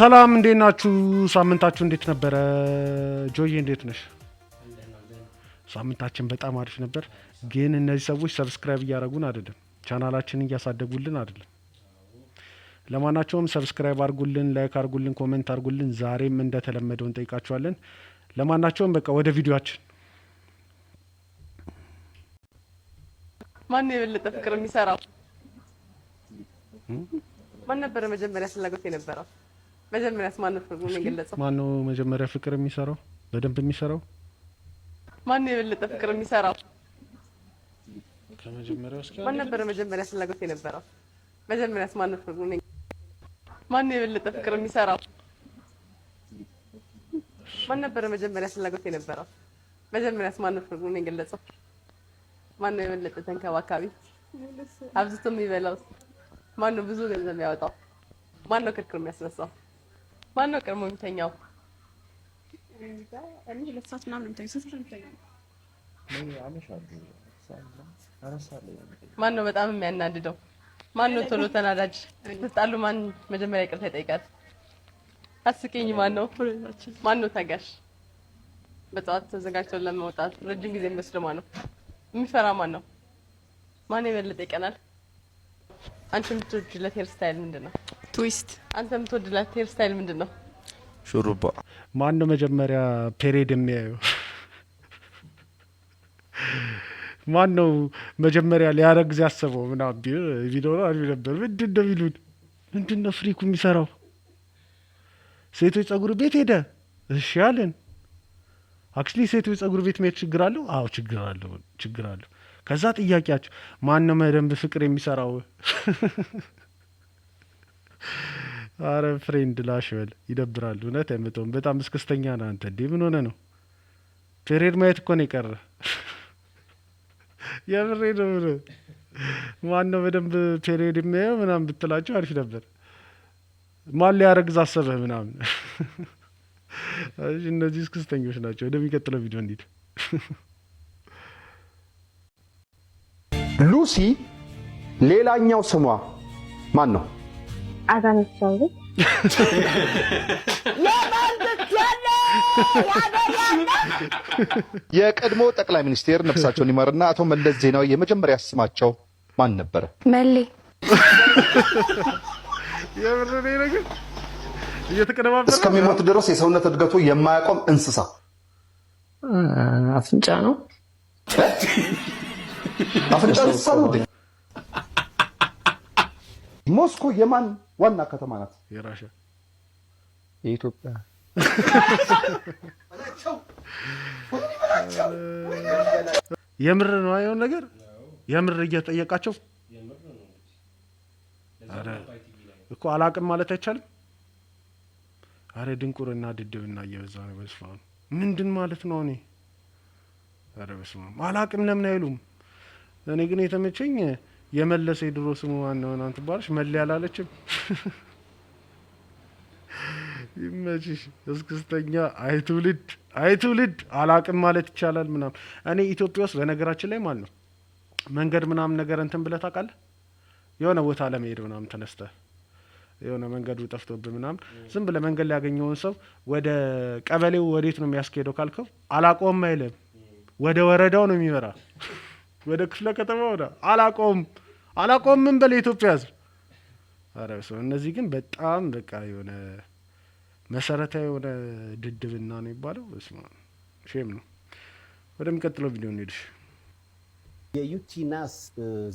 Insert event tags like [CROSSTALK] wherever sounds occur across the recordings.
ሰላም እንዴት ናችሁ? ሳምንታችሁ እንዴት ነበረ? ጆዬ እንዴት ነሽ? ሳምንታችን በጣም አሪፍ ነበር። ግን እነዚህ ሰዎች ሰብስክራይብ እያደረጉን አይደለም፣ ቻናላችንን እያሳደጉልን አይደለም። ለማናቸውም ሰብስክራይብ አርጉልን፣ ላይክ አርጉልን፣ ኮሜንት አርጉልን። ዛሬም እንደተለመደው እንጠይቃችኋለን። ለማናቸውም በቃ ወደ ቪዲዮችን ማን የበለጠ ፍቅር የሚሰራው ማን ነበረ? መጀመሪያ ፍላጎት የነበረው መጀመሪያስ ማነው ፍቅር ነው የገለጸው? ማነው መጀመሪያ ፍቅር የሚሰራው በደንብ የሚሰራው ማን ነው የበለጠ ፍቅር የሚሰራው? ከመጀመሪያው እስከ ማን ነበር መጀመሪያ ፍላጎት የነበረው? መጀመሪያስ ማነው ማን ነው የበለጠ ፍቅር የሚሰራው? ማን ነበር መጀመሪያ ፍላጎት የነበረው? መጀመሪያስ ማነው ፍቅር ነው የገለጸው? ነው የበለጠ ተንከባካቢ? አብዝቶ የሚበላው ማን ነው? ብዙ ገንዘብ ያወጣው ነው? ክርክር የሚያስነሳው ማን ነው ቀድሞ የሚተኛው? እኔ ማን ነው በጣም የሚያናድደው? ማን ነው ቶሎ ተናዳጅ? ስትጣሉ ማን መጀመሪያ ይቅርታ ይጠይቃል? አስቂኝ ማን ነው? ማን ነው ታጋሽ? በጠዋት ተዘጋጅተው ለመውጣት ረጅም ጊዜ የሚወስድ ማን ነው? የሚፈራ ማን ነው? ማን የበለጠ ይቀናል? አንቺ የምትወጂለት ሄር ስታይል ምንድን ነው? ትዊስት። አንተ የምትወድላት ሄር ስታይል ምንድን ነው? ሹሩባ። ማን ነው መጀመሪያ ፔሬድ የሚያዩ? ማን ነው መጀመሪያ ሊያረግዝ ያሰበው? ምና ቢኖረ አሪፍ ነበር። ምንድን ነው የሚሉን? ምንድን ነው ፍሪኩ የሚሰራው? ሴቶች ጸጉር ቤት ሄደ። እሺ አለን። አክቹሊ ሴቶች ጸጉር ቤት መሄድ ችግር አለው? አዎ ችግር አለው፣ ችግር አለው። ከዛ ጥያቄያቸው ማን ነው መደንብ ፍቅር የሚሰራው? አረ ፍሬንድ ላሽ በል ይደብራል። እውነት አይመጣውም። በጣም እስክስተኛ ነህ አንተ። እንዴ ምን ሆነ ነው? ፔሬድ ማየት እኮ ነው የቀረ። የምሬ ነው። ማን ነው በደንብ ፔሬድ የሚያየው ምናምን ብትላቸው አሪፍ ነበር። ማን ሊያረግዝ አሰበህ ምናምን። እነዚህ እስክስተኞች ናቸው። ወደሚቀጥለው ቪዲዮ እንዲት ሉሲ ሌላኛው ስሟ ማን ነው? አዛነቻለ [LAUGHS] የቀድሞ ጠቅላይ ሚኒስቴር ነፍሳቸውን ይማርና አቶ መለስ ዜናዊ የመጀመሪያ ስማቸው ማን ነበረ? መሌ። እስከሚሞት ድረስ የሰውነት እድገቱ የማያቆም እንስሳ አፍንጫ ነው። አፍንጫ እንስሳ ነው። ሞስኮ የማን ዋና ከተማ ናት? የራሻ የኢትዮጵያ የምር ነው የሆነ ነገር የምር እየጠየቃቸው? እኮ አላቅም ማለት አይቻልም። አረ ድንቁርና ድድብና እየበዛ ነው። በስመ አብ ምንድን ማለት ነው? እኔ አረ በስመ አብ አላቅም ለምን አይሉም? እኔ ግን የተመቸኝ የመለሰ የድሮ ስሙ ዋና ሆናን ትባለች። መሌ ያላለችም ይመችሽ። እስክስተኛ አይትውልድ አይትውልድ አላቅም ማለት ይቻላል። ምናም እኔ ኢትዮጵያ ውስጥ በነገራችን ላይ ማለት ነው መንገድ ምናምን ነገር እንትን ብለህ ታውቃለህ? የሆነ ቦታ ለመሄድ ምናምን ተነስተህ የሆነ መንገዱ ጠፍቶብህ ምናምን ዝም ብለህ መንገድ ላይ ያገኘውን ሰው ወደ ቀበሌው ወዴት ነው የሚያስኬደው ካልከው አላቆም አይልም። ወደ ወረዳው ነው የሚመራ ወደ ክፍለ ከተማ ወደ አላቆም አላቆምም በል የኢትዮጵያ ህዝብ። ኧረ በስመ እነዚህ ግን በጣም በቃ የሆነ መሰረታዊ የሆነ ድድብና ነው የሚባለው። በስመ አብ ሼም ነው። ወደሚቀጥለው ቪዲዮ እንሄድሽ። የዩቲናስ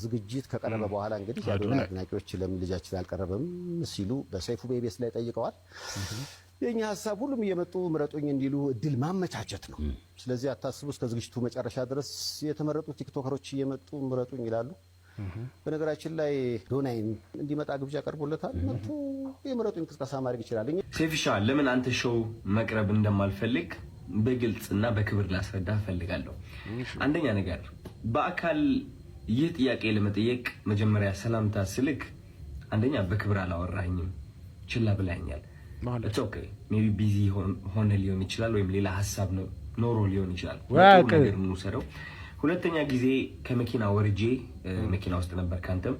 ዝግጅት ከቀረበ በኋላ እንግዲህ የአዶናይ አድናቂዎች ለምን ልጃችን አልቀረበም ሲሉ በሰይፉ ቤቤስ ላይ ጠይቀዋል። የእኛ ሀሳብ ሁሉም እየመጡ ምረጡኝ እንዲሉ እድል ማመቻቸት ነው። ስለዚህ አታስቡ፣ እስከ ዝግጅቱ መጨረሻ ድረስ የተመረጡ ቲክቶከሮች እየመጡ ምረጡኝ ይላሉ። በነገራችን ላይ ዶናይን እንዲመጣ ግብዣ ቀርቦለታል። መቶ የምረጡ እንቅስቃሴ ማድረግ ይችላል። ሴፊሻ ለምን አንተ ሾው መቅረብ እንደማልፈልግ በግልጽ እና በክብር ላስረዳ እፈልጋለሁ። አንደኛ ነገር በአካል ይህ ጥያቄ ለመጠየቅ መጀመሪያ ሰላምታ ስልክ፣ አንደኛ በክብር አላወራኝም፣ ችላ ብላኛል። ሜይ ቢ ቢዚ ሆነ ሊሆን ይችላል፣ ወይም ሌላ ሀሳብ ኖሮ ሊሆን ይችላል። ነገር የምንወስደው ሁለተኛ ጊዜ ከመኪና ወርጄ መኪና ውስጥ ነበር ካንተም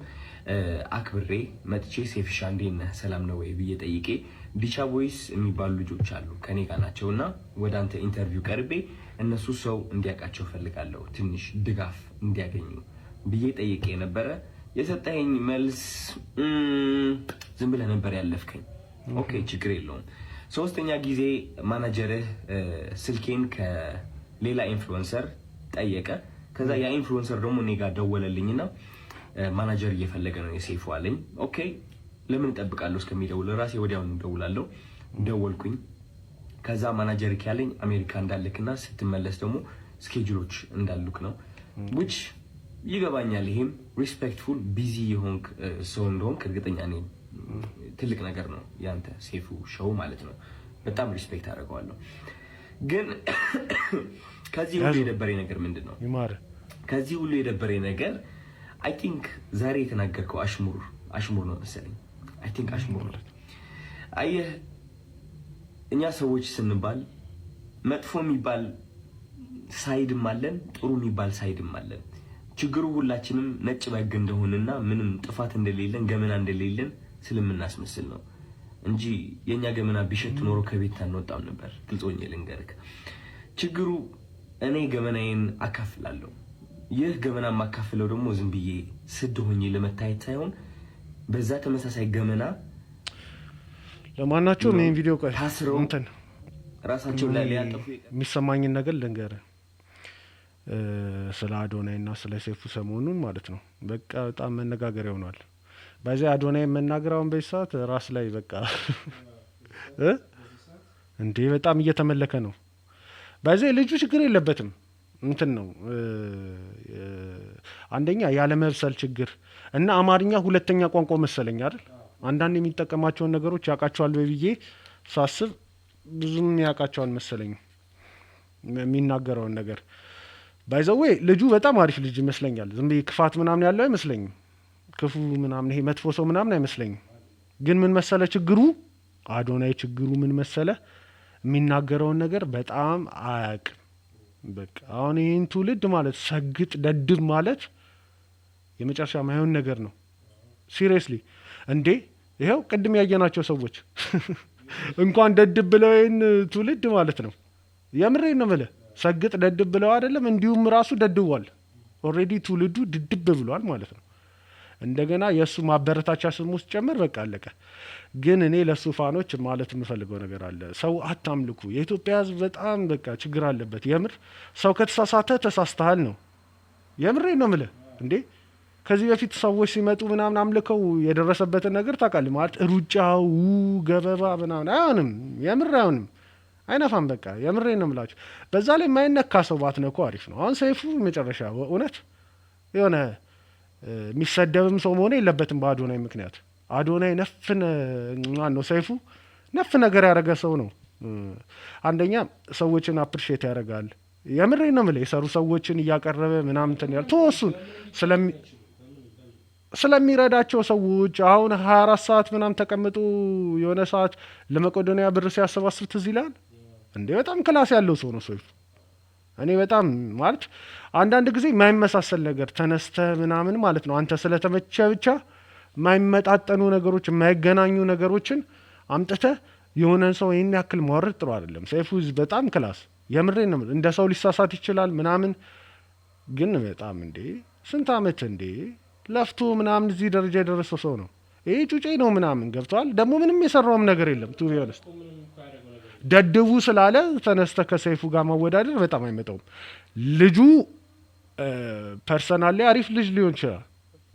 አክብሬ መጥቼ ሴፍሻ እንዴነ ሰላም ነው ወይ ብዬ ጠይቄ ዲቻ ቦይስ የሚባሉ ልጆች አሉ ከኔ ጋር ናቸው እና ወደ አንተ ኢንተርቪው ቀርቤ እነሱ ሰው እንዲያውቃቸው ፈልጋለሁ ትንሽ ድጋፍ እንዲያገኙ ብዬ ጠይቄ ነበረ። የሰጠኝ መልስ ዝም ብለህ ነበር ያለፍከኝ። ኦኬ ችግር የለውም። ሶስተኛ ጊዜ ማናጀርህ ስልኬን ከሌላ ኢንፍሉዌንሰር ጠየቀ። ከዛ ያ ኢንፍሉዌንሰር ደግሞ እኔ ጋር ደወለልኝና ማናጀር እየፈለገ ነው የሴፉ አለኝ። ኦኬ ለምን እጠብቃለሁ እስከሚደውል ራሴ ወዲያውን እደውላለሁ። ደወልኩኝ። ከዛ ማናጀር ያለኝ አሜሪካ እንዳልክና ስትመለስ ደግሞ ስኬጁሎች እንዳሉክ ነው። ውጭ ይገባኛል። ይሄም ሪስፔክትፉል ቢዚ የሆንክ ሰው እንደሆንክ እርግጠኛ ነኝ። ትልቅ ነገር ነው ያንተ ሴፉ ሸው ማለት ነው። በጣም ሪስፔክት አደርገዋለሁ ግን ከዚህ ሁሉ የደበረኝ ነገር ምንድን ነው? ከዚህ ሁሉ የደበረኝ ነገር አይ ቲንክ ዛሬ የተናገርከው አሽሙር አሽሙር ነው መሰለኝ። አይ ቲንክ አሽሙር ነው። አየህ እኛ ሰዎች ስንባል መጥፎ የሚባል ሳይድም አለን፣ ጥሩ የሚባል ሳይድም አለን። ችግሩ ሁላችንም ነጭ በግ እንደሆንና ምንም ጥፋት እንደሌለን ገመና እንደሌለን ስለምናስመስል ነው እንጂ የእኛ ገመና ቢሸት ኖሮ ከቤት አንወጣም ነበር። ግልጾኝ ልንገርክ ችግሩ እኔ ገበናዬን አካፍላለሁ። ይህ ገመና የማካፍለው ደግሞ ዝም ብዬ ስድ ሆኜ ለመታየት ሳይሆን በዛ ተመሳሳይ ገመና ለማናቸውም ይህን ቪዲዮ ቆይ እንትን ራሳቸው ላይ ሊያጠፉ የሚሰማኝን ነገር ልንገር ስለ አዶናይ እና ስለ ሴፉ ሰሞኑን ማለት ነው። በቃ በጣም መነጋገር ይሆኗል። በዚያ አዶናይ መናገር አሁን በዚህ ሰዓት ራስ ላይ በቃ [LAUGHS] እንዴ በጣም እየተመለከ ነው። በዚህ ልጁ ችግር የለበትም እንትን ነው አንደኛ ያለመብሰል ችግር እና አማርኛ ሁለተኛ ቋንቋ መሰለኝ አይደል አንዳንድ የሚጠቀማቸውን ነገሮች ያውቃቸዋል ብዬ ሳስብ ብዙም ያውቃቸዋል መሰለኝ የሚናገረውን ነገር ባይዘዌ ልጁ በጣም አሪፍ ልጅ ይመስለኛል። ዝም ብዬ ክፋት ምናምን ያለው አይመስለኝም። ክፉ ምናምን ይሄ መጥፎ ሰው ምናምን አይመስለኝም። ግን ምን መሰለ ችግሩ አዶናይ ችግሩ ምን መሰለ የሚናገረውን ነገር በጣም አያውቅም። በቃ አሁን ይህን ትውልድ ማለት ሰግጥ ደድብ ማለት የመጨረሻ ማይሆን ነገር ነው። ሲሪየስሊ እንዴ ይኸው ቅድም ያየናቸው ሰዎች [LAUGHS] እንኳን ደድብ ብለው ይህን ትውልድ ማለት ነው። የምሬ ነው ብለ ሰግጥ ደድብ ብለው አይደለም እንዲሁም ራሱ ደድቧል። ኦልሬዲ ትውልዱ ድድብ ብሏል ማለት ነው። እንደገና የእሱ ማበረታቻ ስም ውስጥ ጨምር በቃ አለቀ። ግን እኔ ለእሱ ፋኖች ማለት የምፈልገው ነገር አለ። ሰው አታምልኩ። የኢትዮጵያ ሕዝብ በጣም በቃ ችግር አለበት። የምር ሰው ከተሳሳተ ተሳስተሃል ነው። የምሬ ነው ምለ እንዴ ከዚህ በፊት ሰዎች ሲመጡ ምናምን አምልከው የደረሰበትን ነገር ታውቃለህ። ማለት ሩጫው ገበባ ምናምን አይሆንም፣ የምር አይሆንም፣ አይነፋም። በቃ የምሬ ነው ምላቸው። በዛ ላይ የማይነካ ሰው ባትነኩ አሪፍ ነው። አሁን ሰይፉ መጨረሻ እውነት የሆነ የሚሰደብም ሰው መሆን የለበትም። በአዶናይ ምክንያት አዶናይ ነፍ ነው ሰይፉ ነፍ ነገር ያደረገ ሰው ነው። አንደኛ ሰዎችን አፕሪሼት ያደርጋል። የምሬ ነው ምል የሰሩ ሰዎችን እያቀረበ ምናምንትን ያል ተወሱን ስለሚረዳቸው ሰዎች አሁን ሀያ አራት ሰዓት ምናምን ተቀምጦ የሆነ ሰዓት ለመቄዶንያ ብር ሲያሰባስብ ትዝ ይላል እንዴ! በጣም ክላስ ያለው ሰው ነው ሰይፉ። እኔ በጣም ማለት አንዳንድ ጊዜ የማይመሳሰል ነገር ተነስተ ምናምን ማለት ነው አንተ ስለተመቸ ብቻ የማይመጣጠኑ ነገሮች የማይገናኙ ነገሮችን አምጥተ የሆነን ሰው ይህን ያክል ማወረድ ጥሩ አይደለም። ሰይፉ በጣም ክላስ የምሬ ነው። እንደ ሰው ሊሳሳት ይችላል ምናምን፣ ግን በጣም እንዴ ስንት አመት እንዴ ለፍቶ ምናምን እዚህ ደረጃ የደረሰው ሰው ነው። ይህ ጩጬ ነው ምናምን ገብተዋል። ደግሞ ምንም የሰራውም ነገር የለም ቱ ቢ ደድቡ ስላለ ተነስተ ከሰይፉ ጋር መወዳደር በጣም አይመጣውም። ልጁ ፐርሰናል ላይ አሪፍ ልጅ ሊሆን ይችላል።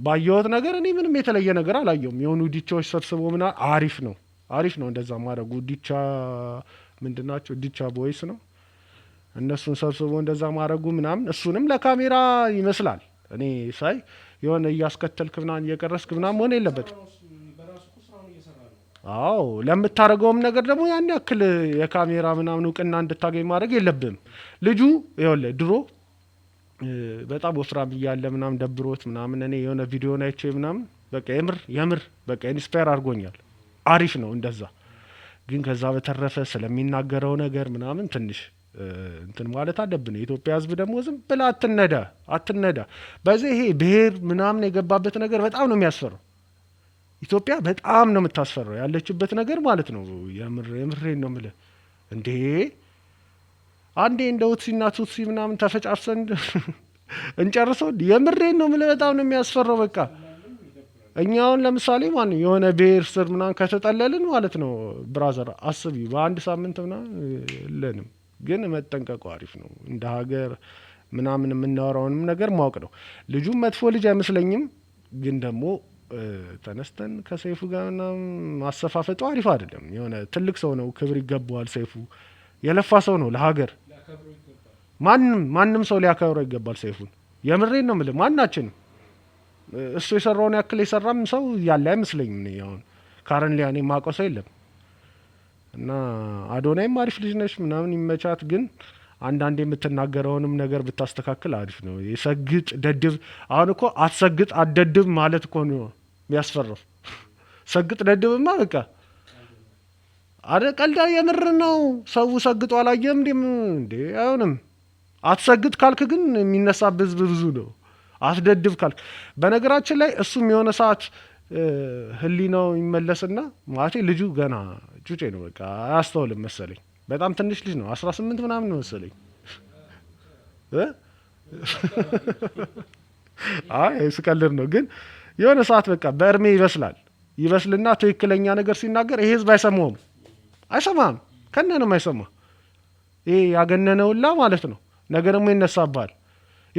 ባየሁት ነገር እኔ ምንም የተለየ ነገር አላየውም። የሆኑ ዲቻዎች ሰብስቦ ምና አሪፍ ነው አሪፍ ነው እንደዛ ማድረጉ። ዲቻ ምንድን ናቸው? ዲቻ ቦይስ ነው እነሱን ሰብስቦ እንደዛ ማድረጉ ምናምን፣ እሱንም ለካሜራ ይመስላል እኔ ሳይ የሆነ እያስከተልክ ምናምን እየቀረስክ ምናምን መሆን የለበትም። አዎ ለምታደርገውም ነገር ደግሞ ያን ያክል የካሜራ ምናምን እውቅና እንድታገኝ ማድረግ የለብም። ልጁ ይኸውልህ ድሮ በጣም ወፍራም እያለ ምናምን ደብሮት ምናምን እኔ የሆነ ቪዲዮ ናይቼ ምናምን በቃ የምር የምር በቃ ኢንስፓየር አድርጎኛል። አሪፍ ነው እንደዛ። ግን ከዛ በተረፈ ስለሚናገረው ነገር ምናምን ትንሽ እንትን ማለት አለብን። የኢትዮጵያ ሕዝብ ደግሞ ዝም ብላ አትነዳ አትነዳ። በዚህ ይሄ ብሔር ምናምን የገባበት ነገር በጣም ነው የሚያስፈራው። ኢትዮጵያ በጣም ነው የምታስፈራው ያለችበት ነገር ማለት ነው። የምሬን ነው የምልህ እንዴ አንዴ እንደ ውትሲና ቱትሲ ምናምን ተፈጫፍሰን [LAUGHS] እንጨርሰው። የምሬን ነው የምልህ በጣም ነው የሚያስፈራው። በቃ እኛውን ለምሳሌ ማን የሆነ ብሔር ስር ምናምን ከተጠለልን ማለት ነው ብራዘር አስቢ በአንድ ሳምንት ምናምን የለንም። ግን መጠንቀቁ አሪፍ ነው እንደ ሀገር ምናምን የምናወራውንም ነገር ማወቅ ነው። ልጁም መጥፎ ልጅ አይመስለኝም ግን ደግሞ ተነስተን ከሰይፉ ጋር ምናምን ማሰፋፈጡ አሪፍ አይደለም። የሆነ ትልቅ ሰው ነው፣ ክብር ይገባዋል። ሰይፉ የለፋ ሰው ነው ለሀገር። ማንም ማንም ሰው ሊያከብረው ይገባል ሰይፉን። የምሬን ነው የምልህ ማናችንም እሱ የሰራውን ያክል የሰራም ሰው ያለ አይመስለኝም። እኔ አሁን ካረን ሊያኔ ማውቀው ሰው የለም እና አዶናይም አሪፍ ልጅ ነች ምናምን ይመቻት፣ ግን አንዳንድ የምትናገረውንም ነገር ብታስተካክል አሪፍ ነው። የሰግጥ ደድብ አሁን እኮ አትሰግጥ አትደድብ ማለት እኮ ነው። የሚያስፈራው። ሰግጥ ደድብማ በቃ አረ ቀልዳ የምር ነው። ሰው ሰግጦ አላየም እንዴም እንዴ? አይሆንም። አትሰግጥ ካልክ ግን የሚነሳብህ ህዝብ ብዙ ነው። አትደድብ ካልክ በነገራችን ላይ እሱም የሆነ ሰዓት ህሊናው ይመለስና ማለት ልጁ ገና ጩጬ ነው። በቃ አያስተውልም መሰለኝ። በጣም ትንሽ ልጅ ነው። አስራ ስምንት ምናምን መሰለኝ። አይ ስቀልድ ነው ግን የሆነ ሰዓት በቃ በእድሜ ይበስላል። ይበስልና ትክክለኛ ነገር ሲናገር ይሄ ህዝብ አይሰማውም፣ አይሰማም። ከነንም አይሰማ ይሄ ያገነነውላ ማለት ነው። ነገ ደግሞ ይነሳብሃል።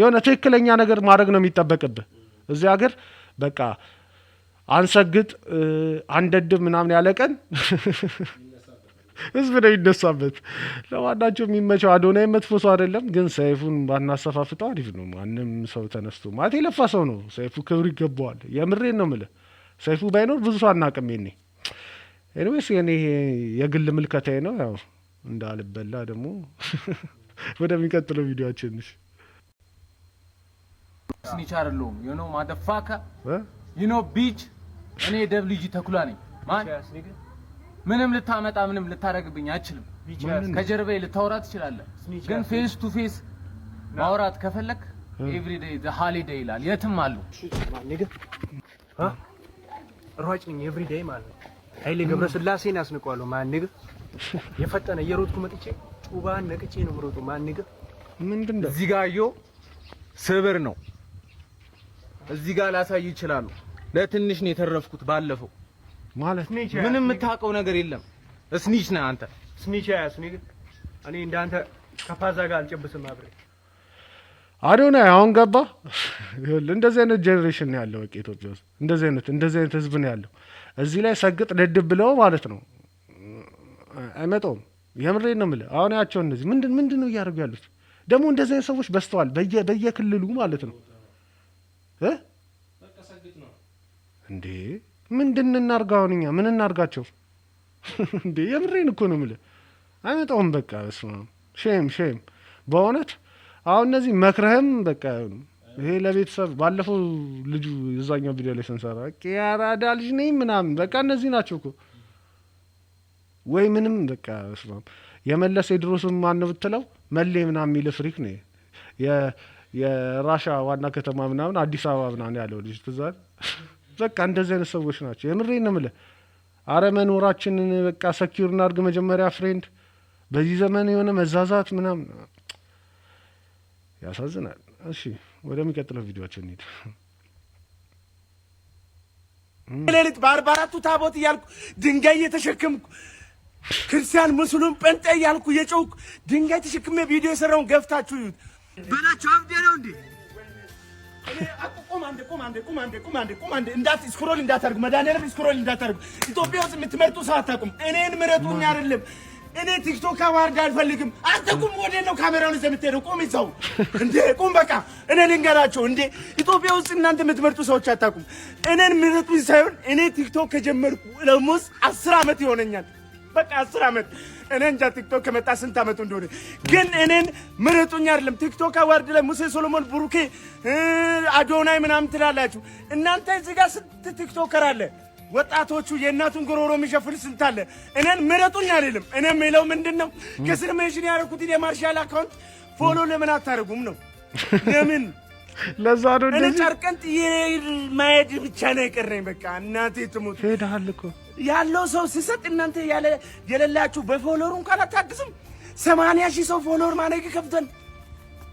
የሆነ ትክክለኛ ነገር ማድረግ ነው የሚጠበቅብህ። እዚህ ሀገር በቃ አንሰግጥ አንደድብ ምናምን ያለ ቀን ህዝብ ነው ይነሳበት። ለማናቸው የሚመቸው አዶናይ መጥፎ ሰው አይደለም፣ ግን ሰይፉን ባናሰፋፍጠው አሪፍ ነው። ማንም ሰው ተነስቶ ማለት የለፋ ሰው ነው ሰይፉ፣ ክብር ይገባዋል። የምሬን ነው የምልህ። ሰይፉ ባይኖር ብዙ ሰው አናቅም። ኔ ኤኒዌይስ የኔ የግል ምልከታዬ ነው። ያው እንዳልበላ ደግሞ [LAUGHS] ወደሚቀጥለው ቪዲዮችን ስኒች አይደለሁም የሆነው ማደፋካ ይኖ ቢች እኔ ደብልጅ ተኩላ ነኝ ማን ምንም ልታመጣ ምንም ልታደርግብኝ አችልም። ከጀርባዬ ልታወራ ትችላለህ፣ ግን ፌስ ቱ ፌስ ማውራት ከፈለክ ኤቭሪ ዴይ ዘ ሃሊዴይ ይላል። የትም አሉ ሯጭ ነኝ ኤቭሪ ዴይ ማለት ነው። ኃይሌ ገብረስላሴን አስንቀዋለሁ። ማንግ የፈጠነ እየሮጥኩ መጥቼ ጩባን ነቅቼ ነው ምሮጡ። ማንግ ምንድን ነው እዚህ ጋር አየሁ። ስብር ነው እዚህ ጋር ላሳይ ይችላሉ። ለትንሽ ነው የተረፍኩት ባለፈው ማለት ምንም የምታውቀው ነገር የለም። ስኒች ነህ አንተ። እስኒች አያስኒ እኔ እንዳንተ ከፋዛ ጋር አልጨብስም አብሬ አዶናይ አሁን ገባ። እንደዚህ አይነት ጀኔሬሽን ነው ያለው በቃ ኢትዮጵያ ውስጥ እንደዚህ አይነት እንደዚህ አይነት ህዝብ ነው ያለው። እዚህ ላይ ሰግጥ ደድብ ብለው ማለት ነው አይመጣውም። የምሬ ነው የምልህ። አሁን ያቸው እነዚህ ምንድን ምንድን ነው እያደረጉ ያሉት? ደግሞ እንደዚህ አይነት ሰዎች በስተዋል በየክልሉ ማለት ነው እንዴ ምንድን እናድርግ አሁን እኛ ምን እናርጋቸው? [LAUGHS] እንዴ? የምሬን እኮ ነው የምልህ። አይመጣውም በቃ ስማ፣ ሼም ሼም በእውነት አሁን እነዚህ መክረህም በቃ ይሄ ለቤተሰብ ባለፈው ልጁ እዛኛው ቪዲዮ ላይ ስንሰራ ያራዳ ልጅ ነኝ ምናምን በቃ እነዚህ ናቸው እኮ ወይ ምንም በቃ ስማ፣ የመለሰ የድሮስም ማነው ብትለው መሌ ምናምን የሚል ፍሪክ ነው የራሻ ዋና ከተማ ምናምን አዲስ አበባ ምናምን ያለው ልጅ ትዛል በቃ እንደዚህ አይነት ሰዎች ናቸው። የምሬን ነው የምልህ። አረ መኖራችንን በቃ ሰኪር እናድርግ መጀመሪያ ፍሬንድ። በዚህ ዘመን የሆነ መዛዛት ምናምን ያሳዝናል። እሺ ወደሚቀጥለው ቪዲዮችን እንሂድ። ሌሊት በአርባ አራቱ ታቦት እያልኩ ድንጋይ እየተሸከምኩ ክርስቲያን፣ ሙስሉም፣ ጴንጤ እያልኩ እየጮኩ ድንጋይ ተሸክሜ ቪዲዮ የሰራውን ገፍታችሁ እዩት በላቸው። አብዴ ነው እንዴ? እንዳት ስክሮል እንዳታርጉ፣ መድኃኒዓለም ስክሮል እንዳታርጉ። ኢትዮጵያ ውስጥ የምትመርጡ ሰው አታውቁም። እኔን ምረጡኝ አይደለም እኔ ቲክቶክ አዋርድ አልፈልግም። አንተ ቁም። ወዴት ነው ካሜራውን ይዘህ የምትሄደው? ቁም፣ ይዘው እንዴ! ቁም፣ በቃ እኔ ልንገራቸው እንዴ። ኢትዮጵያ ውስጥ እናንተ የምትመርጡ ሰዎች አታውቁም። እኔን ምረጡኝ ሳይሆን እኔ ቲክቶክ ከጀመርኩ ለሙስ አስር ዓመት ይሆነኛል። በቃ አስር ዓመት እኔ እንጃ ቲክቶክ ከመጣ ስንት ዓመቱ እንደሆነ ግን እኔን ምረጡኝ አይደለም። ቲክቶክ አዋርድ ላይ ሙሴ ሶሎሞን፣ ብሩኬ፣ አዶናይ ምናምን ትላላችሁ እናንተ። እዚህ ጋር ስንት ቲክቶከር አለ። ወጣቶቹ የእናቱን ጎሮሮ የሚሸፍን ስንት አለ። እኔን ምረጡኝ አይደለም። እኔ የሚለው ምንድን ነው? ከስር ሜንሽን ያደረኩትን የማርሻል አካውንት ፎሎ ለምን አታደርጉም ነው? ለምን ለዛ ነው። እኔ ጨርቀን ማየድ ብቻ ነው የቀረኝ። በቃ እናቴ ትሙት ሄዳሃል እኮ ያለው ሰው ሲሰጥ እናንተ የሌላችሁ በፎሎወሩ እንኳን አታግዝም። ሰማንያ ሺህ ሰው ፎሎወር ማድረግ ከብተን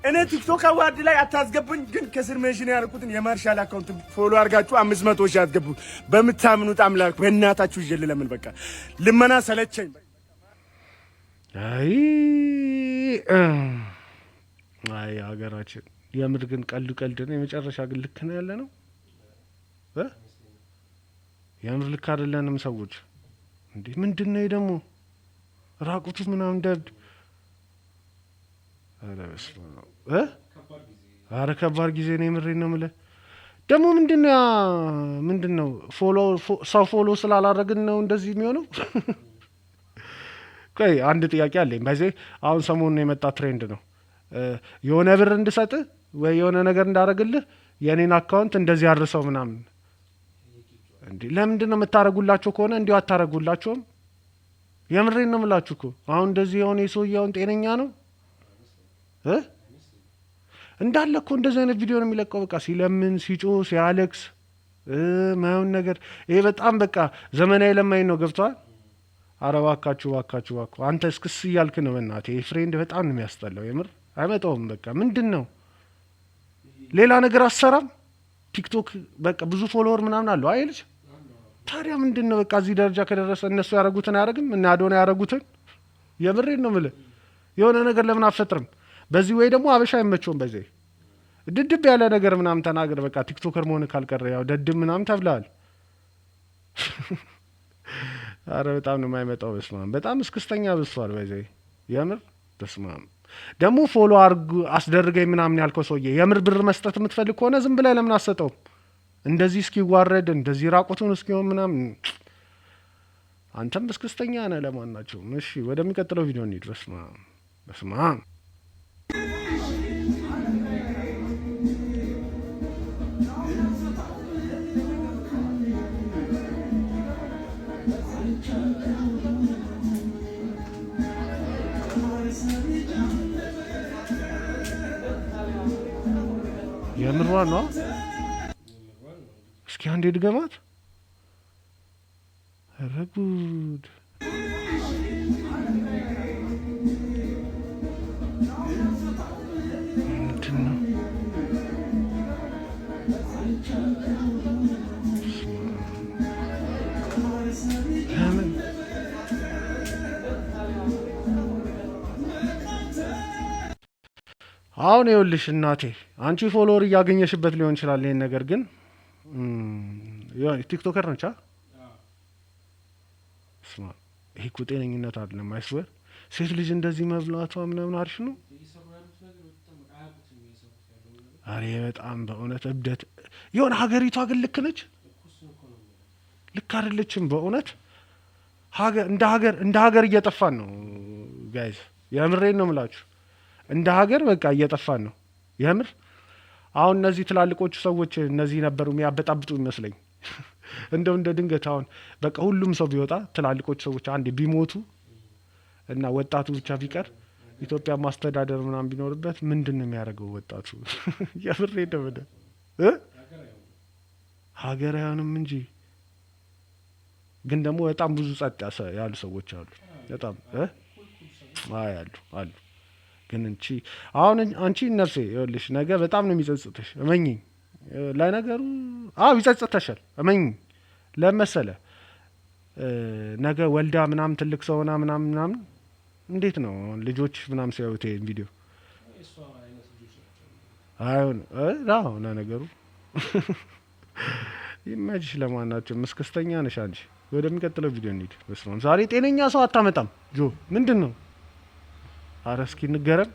እኔ ቲክቶክ አዋርድ ላይ አታስገቡኝ፣ ግን ከስር ሜንሽን ያልኩትን የማርሻል አካውንት ፎሎ አድርጋችሁ አምስት መቶ ሺህ አስገቡ። በምታምኑት አምላክ በእናታችሁ ይል ልለምን። በቃ ልመና ሰለቸኝ። አይ አይ ሀገራችን የምር ግን ቀልድ ቀልድ ነው። የመጨረሻ ግን ልክ ነው ያለ ነው። የምር ልክ አይደለንም ሰዎች። እንዴ ምንድን ነው ደግሞ ራቁቱ ምናምን እንዳድ አረ ከባድ ጊዜ ነው። የምሬ ነው ምለ ደግሞ ምንድን ነው ምንድን ነው ሰው ፎሎ ስላላረግን ነው እንደዚህ የሚሆነው። [LAUGHS] ቆይ አንድ ጥያቄ አለኝ። በዚህ አሁን ሰሞኑን የመጣ ትሬንድ ነው የሆነ ብር እንድሰጥ ወይ የሆነ ነገር እንዳረግልህ የእኔን አካውንት እንደዚህ አድርሰው ምናምን ለምንድን ነው የምታደርጉላቸው ከሆነ እንዲሁ አታደርጉላቸውም። የምሬ ነው የምላችሁ እኮ አሁን እንደዚህ የሆነ የሰውየውን ጤነኛ ነው እንዳለ እኮ እንደዚህ አይነት ቪዲዮ ነው የሚለቀው። በቃ ሲለምን፣ ሲጮ ሲያለቅስ ማየውን ነገር ይሄ በጣም በቃ ዘመናዊ ለማኝ ነው ገብቷል። አረ ባካችሁ እባካችሁ አንተ እስክስ እያልክ ነው በእናትህ። ፍሬንድ በጣም ነው የሚያስጠላው። የምር አይመጣውም። በቃ ምንድን ነው ሌላ ነገር አሰራም። ቲክቶክ በቃ ብዙ ፎሎወር ምናምን አለው አይ ታዲያ ምንድን ነው በቃ እዚህ ደረጃ ከደረሰ እነሱ ያደረጉትን አያደርግም እና አዶና ያደረጉትን የምሬን ነው የምልህ የሆነ ነገር ለምን አፈጥርም በዚህ ወይ ደግሞ አበሻ አይመቸውም በዚህ ድድብ ያለ ነገር ምናምን ተናገር በቃ ቲክቶከር መሆን ካልቀረ ያው ደድብ ምናምን ተብለሃል [LAUGHS] አረ በጣም ነው የማይመጣው በስማም በጣም እስክስተኛ ብሷል በዚህ የምር በስማም ደግሞ ፎሎ አርጉ አስደርገኝ ምናምን ያልከው ሰውዬ የምር ብር መስጠት የምትፈልግ ከሆነ ዝም ብላይ ለምን አሰጠውም እንደዚህ እስኪዋረድ እንደዚህ ራቁቱን እስኪሆን ምናምን አንተም እስክስተኛ ነህ። ናቸው እሺ፣ ወደሚቀጥለው ቪዲዮ እንዲድረስ በስማ የምሯ ነው። እስኪ አንዴ ድገማት። ኧረ ጉድ! አሁን ይኸውልሽ እናቴ አንቺ ፎሎወር እያገኘሽበት ሊሆን ይችላል። ይህን ነገር ግን ቲክቶከር ነች። ይሄ እኮ ጤነኝነት አይደለም። አይስበር ሴት ልጅ እንደዚህ መብላቷ ምናምን አሪፍ ነው። አሪ በጣም በእውነት እብደት የሆነ ሀገሪቷ ግን ልክ ነች፣ ልክ አይደለችም። በእውነት እንደ ሀገር እንደ ሀገር እየጠፋን ነው ጋይዝ። የምሬን ነው የምላችሁ። እንደ ሀገር በቃ እየጠፋን ነው የምር አሁን እነዚህ ትላልቆቹ ሰዎች እነዚህ ነበሩ የሚያበጣብጡ ይመስለኝ። [LAUGHS] እንደው እንደ ድንገት አሁን በቃ ሁሉም ሰው ቢወጣ ትላልቆቹ ሰዎች አንዴ ቢሞቱ እና ወጣቱ ብቻ ቢቀር ኢትዮጵያ ማስተዳደር ምናምን ቢኖርበት ምንድን ነው የሚያደርገው ወጣቱ? [LAUGHS] የፍሬ ደበደ ሀገር አይሆንም እንጂ ግን ደግሞ በጣም ብዙ ጸጥ ያሉ ሰዎች አሉ። በጣም አሉ አሉ ግን እንቺ አሁን አንቺ ነፍሴ ይኸውልሽ ነገ በጣም ነው የሚጸጽትሽ። እመኝኝ። ለነገሩ አዎ ይጸጽተሻል። እመኝኝ ለመሰለ ነገ ወልዳ ምናም ትልቅ ሰው ሆና ምናም ምናምን እንዴት ነው ልጆች ምናም ሲያዩት ይሄን ቪዲዮ አይሆን ሆነ ነገሩ። ይመችሽ። ለማናቸው ምስክስተኛ ነሽ አንቺ። ወደሚቀጥለው ቪዲዮ እንሂድ። በስመ አብ ዛሬ ጤነኛ ሰው አታመጣም ጆ ምንድን ነው? አረ እስኪ እንገረም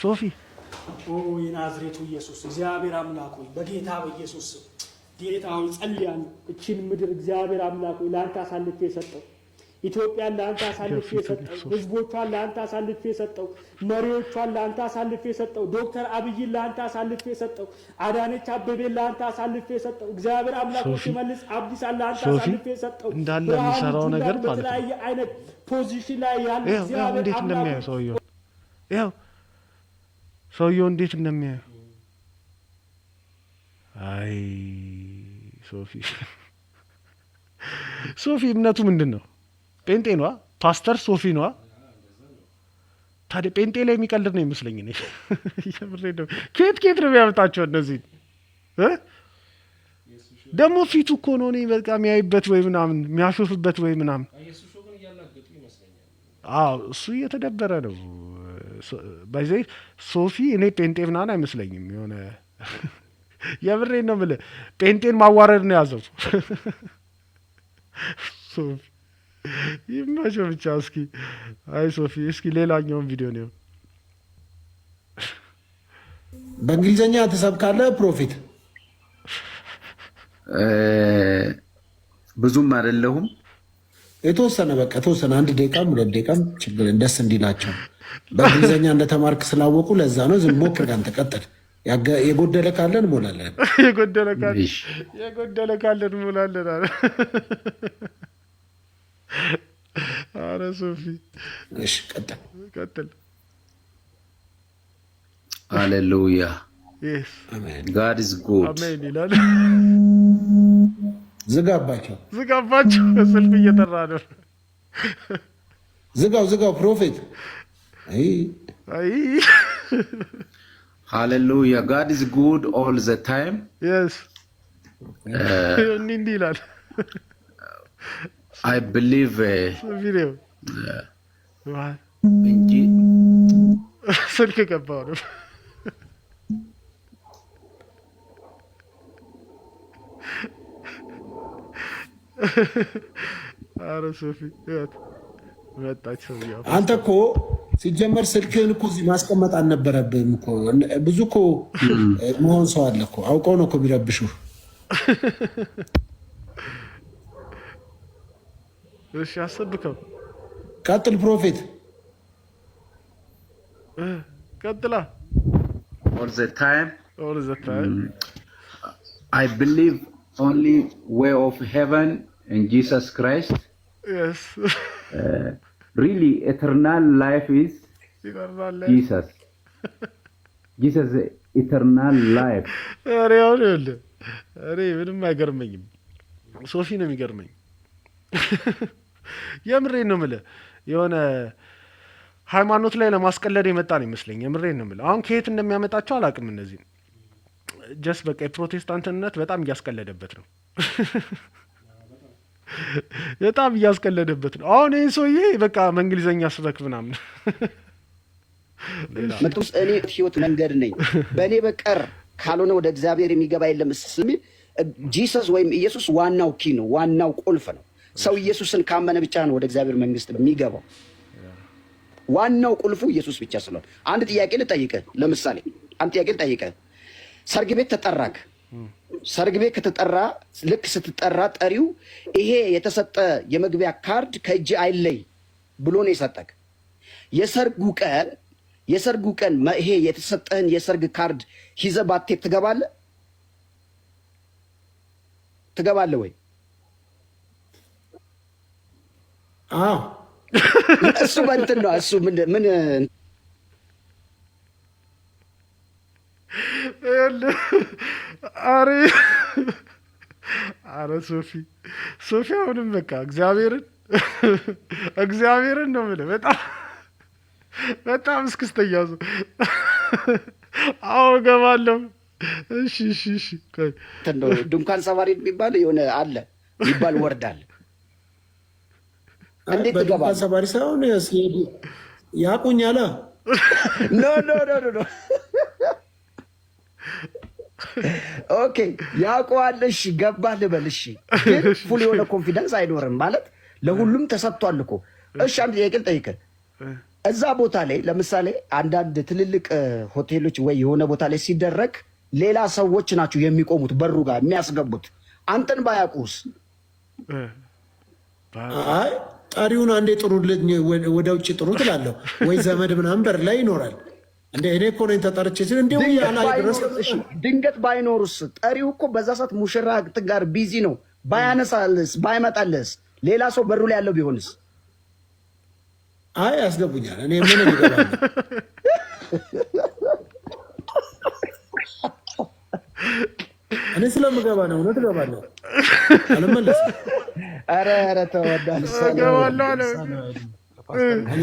ሶፊ ኦ የናዝሬቱ ኢየሱስ እግዚአብሔር አምላክ ሆይ በጌታ በኢየሱስ ጌታ ሆይ ጸልያለሁ። እቺን ምድር እግዚአብሔር አምላክ ሆይ ለአንተ አሳልፌ የሰጠው ኢትዮጵያን ለአንተ አሳልፌ የሰጠው፣ ህዝቦቿን ለአንተ አሳልፌ የሰጠው፣ መሪዎቿን ለአንተ አሳልፌ የሰጠው፣ ዶክተር አብይን ለአንተ አሳልፌ የሰጠው፣ አዳነች አበቤን ለአንተ አሳልፌ የሰጠው፣ እግዚአብሔር አምላክ ሲመልስ አብዲሳን ለአንተ አሳልፌ የሰጠው፣ እንዳለ የሚሰራው ነገር ማለት ነው። በተለያየ አይነት ፖዚሽን ላይ ያለ እግዚአብሔር እንዴት እንደሚያዩ ሰውየው ያው ሰውየው እንዴት እንደሚያዩ አይ ሶፊ ሶፊ እምነቱ ምንድን ነው? ጴንጤ ነዋ፣ ፓስተር ሶፊ ነዋ። ታዲያ ጴንጤ ላይ የሚቀልድ ነው ይመስለኝ። ኬት ኬት ነው የሚያመጣቸው እነዚህ ደግሞ ፊቱ እኮ ነው እኔ በቃ የሚያይበት ወይ ምናምን የሚያሾፍበት ወይ ምናምን። አዎ እሱ እየተደበረ ነው በዚ ሶፊ። እኔ ጴንጤ ምናምን አይመስለኝም። የሆነ [LAUGHS] የብሬ ነው የምልህ ጴንጤን ማዋረድ ነው ያዘው [LAUGHS] ሶፊ ይመቸው ብቻ። እስኪ አይ ሶፊ፣ እስኪ ሌላኛውን ቪዲዮ ነው። በእንግሊዝኛ ትሰብካለህ ፕሮፊት? ብዙም አይደለሁም የተወሰነ በቃ የተወሰነ አንድ ደቂቃም ሁለት ደቂቃም ችግር ደስ እንዲላቸው በእንግሊዝኛ እንደተማርክ ስላወቁ ለዛ ነው። ዝም ሞክር፣ ጋን ተቀጥል። የጎደለ ካለን ሞላለን፣ [LAUGHS] የጎደለ ካለን ሞላለን። ኧረ ሶፊ ቀጥል። ሃሌሉያ ጋድ ኢዝ ጉድ ይላል። ዝጋባቸው ዝጋባቸው። ስልፍ እየጠራ ነው። ዝጋው ዝጋው። ፕሮፌት ሃሌሉያ ጋድ ኢዝ ጉድ ኦል ዘ ታይም እንዲህ ይላል አይ ብሊቭ እንጂ ስልክ ገባው ነው። ኧረ ሶፊ አንተ እኮ ሲጀመር ስልክህን እኮ እዚህ ማስቀመጥ አልነበረብህም እኮ። ብዙ እኮ [LAUGHS] መሆን ሰው አለ እኮ። አውቀው ነው እኮ የሚረብሹ [LAUGHS] እሺ አሰብከው። ቀጥል ፕሮፌት ቀጥላ። ኦል ዘ ታይም ኦል ዘ ታይም አይ ቢሊቭ ኦንሊ ዌይ ኦፍ ሄቨን ኢን ጂሰስ ክራይስት የስ ሪሊ ኢተርናል ላይፍ ኢዝ ጂሰስ ጂሰስ ኢተርናል ላይፍ። ኧረ አሁን ይኸውልህ፣ እኔ ምንም አይገርመኝም። ሶፊ ነው የሚገርመኝ። የምሬን ነው የምልህ የሆነ ሃይማኖት ላይ ለማስቀለድ የመጣ ነው ይመስለኝ። የምሬን ነው የምልህ አሁን ከየት እንደሚያመጣቸው አላውቅም። እነዚህ ጀስ በቃ የፕሮቴስታንትነት በጣም እያስቀለደበት ነው [LAUGHS] በጣም እያስቀለደበት ነው። አሁን ይህ ሰውዬ በቃ በእንግሊዝኛ ስበክ ምናምን ምጡስ እኔ ህይወት መንገድ ነኝ በእኔ በቀር ካልሆነ ወደ እግዚአብሔር የሚገባ የለም ስሚል ጂሰስ ወይም ኢየሱስ ዋናው ኪ ነው፣ ዋናው ቁልፍ ነው። ሰው ኢየሱስን ካመነ ብቻ ነው ወደ እግዚአብሔር መንግስት የሚገባው። ዋናው ቁልፉ ኢየሱስ ብቻ ስለሆነ፣ አንድ ጥያቄ ልጠይቅህ። ለምሳሌ አንድ ጥያቄ ልጠይቅህ። ሰርግ ቤት ተጠራክ። ሰርግ ቤት ከተጠራ ልክ ስትጠራ ጠሪው ይሄ የተሰጠ የመግቢያ ካርድ ከእጅ አይለይ ብሎ ነው የሰጠክ። የሰርጉ ቀን የሰርጉ ቀን ይሄ የተሰጠህን የሰርግ ካርድ ሂዘ ባቴ ትገባለ ትገባለ ወይ? እሱ በእንትን ነው እሱ ምን አሪ አረ ሶፊ ሶፊ አሁንም በቃ እግዚአብሔርን እግዚአብሔርን ነው የምልህ። በጣም በጣም እስክስተኛ ሰው። አዎ እገባለሁ። እሺ እሺ እሺ። ድንኳን ሰባሪ የሚባል የሆነ አለ የሚባል ወርዳል እንዴት ትገባለህ? ሰባሪ ሳይሆን ሲሄዱ ያቁኛላ። ኖ ኖ ኖ ኖ ኦኬ፣ ያውቀዋል። እሺ ገባህ ልበል። እሺ ግን ፉል የሆነ ኮንፊደንስ አይኖርም ማለት ለሁሉም ተሰጥቷል እኮ። እሺ አንድ ጥያቄ ልጠይቅህ። እዛ ቦታ ላይ ለምሳሌ አንዳንድ ትልልቅ ሆቴሎች ወይ የሆነ ቦታ ላይ ሲደረግ ሌላ ሰዎች ናቸው የሚቆሙት በሩ ጋር የሚያስገቡት አንተን ባያውቁስ? ጠሪውን አንዴ ጥሩልኝ፣ ወደ ውጭ ጥሩ ትላለሁ ወይ ዘመድ ምናምን በር ላይ ይኖራል። እንደ እኔ እኮ ነኝ ተጠርቼ ሲል እንዲሁ ድንገት ባይኖሩስ? ጠሪው እኮ በዛ ሰዓት ሙሽራ ጋር ቢዚ ነው። ባያነሳልስ? ባይመጣልስ? ሌላ ሰው በሩ ላይ ያለው ቢሆንስ? አይ ያስገቡኛል። እኔ ምን ይገባል? [LAUGHS] እኔ ስለምገባ ነው። እውነት እገባለሁ። አልመለስም። ኧረ ኧረ ተወዳለሁ።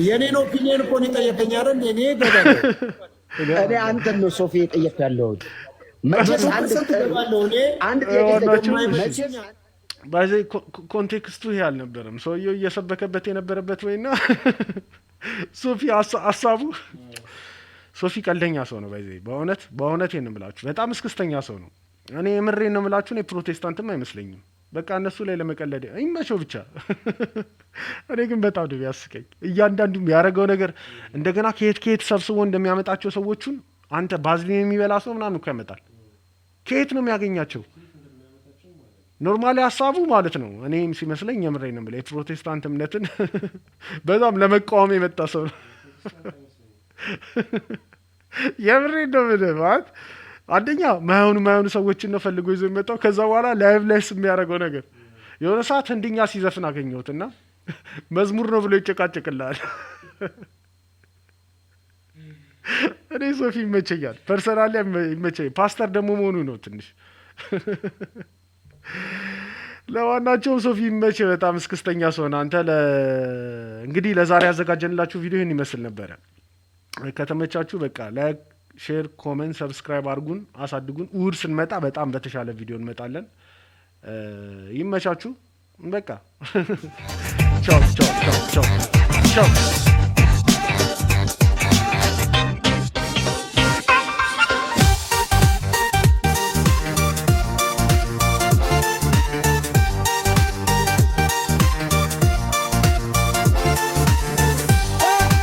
የእኔን ኦፒኒየን እኮ ነው የጠየቀኝ። ኧረ እኔ እገባለሁ። እኔ አንተን ነው ሶፊ የጠየቅ ያለሁት። ባዜ ኮንቴክስቱ ይሄ አልነበረም። ሰውየው እየሰበከበት የነበረበት ወይና [LAUGHS] ሶፊ ሀሳቡ ሶፊ ቀልደኛ ሰው ነው። ባዜ በእውነት በእውነት የንምላችሁ በጣም እስክስተኛ ሰው ነው። እኔ የምሬ ነው የምላችሁ። እኔ ፕሮቴስታንትም አይመስለኝም። በቃ እነሱ ላይ ለመቀለድ ይመቸው ብቻ። [LAUGHS] እኔ ግን በጣም ነው ያስቀኝ። እያንዳንዱ ያደረገው ነገር እንደገና ከየት ከየት ሰብስቦ እንደሚያመጣቸው ሰዎቹን አንተ ባዝሊን የሚበላ ሰው ምናምን እኮ ያመጣል። ከየት ነው የሚያገኛቸው? ኖርማሊ ሀሳቡ ማለት ነው። እኔም ሲመስለኝ የምሬ ነው የምልህ የፕሮቴስታንት እምነትን [LAUGHS] በጣም ለመቃወም የመጣ ሰው ነው። [LAUGHS] የምሬ ነው የምልህ ማለት አንደኛ ማይሆኑ ማይሆኑ ሰዎችን ነው ፈልጎ ይዞ የሚመጣው። ከዛ በኋላ ላይቭ ላይስ የሚያደርገው ነገር የሆነ ሰዓት ህንድኛ ሲዘፍን አገኘሁት እና [LAUGHS] መዝሙር ነው ብሎ ይጨቃጭቅልሃል። [LAUGHS] እኔ ሶፊ ይመቸኛል፣ ፐርሰናል ይመቸኛል። ፓስተር ደግሞ መሆኑ ነው ትንሽ [LAUGHS] ለዋናቸውም ሶፊ መቼ በጣም እስክስተኛ ሲሆን አንተ እንግዲህ ለዛሬ ያዘጋጀንላችሁ ቪዲዮ ይህን ይመስል ነበረ። ከተመቻችሁ በቃ ሼር፣ ኮመንት፣ ሰብስክራይብ አድርጉን፣ አሳድጉን። እሁድ ስንመጣ በጣም በተሻለ ቪዲዮ እንመጣለን። ይመቻችሁ። በቃ [LAUGHS] ቻው ቻው ቻው ቻው።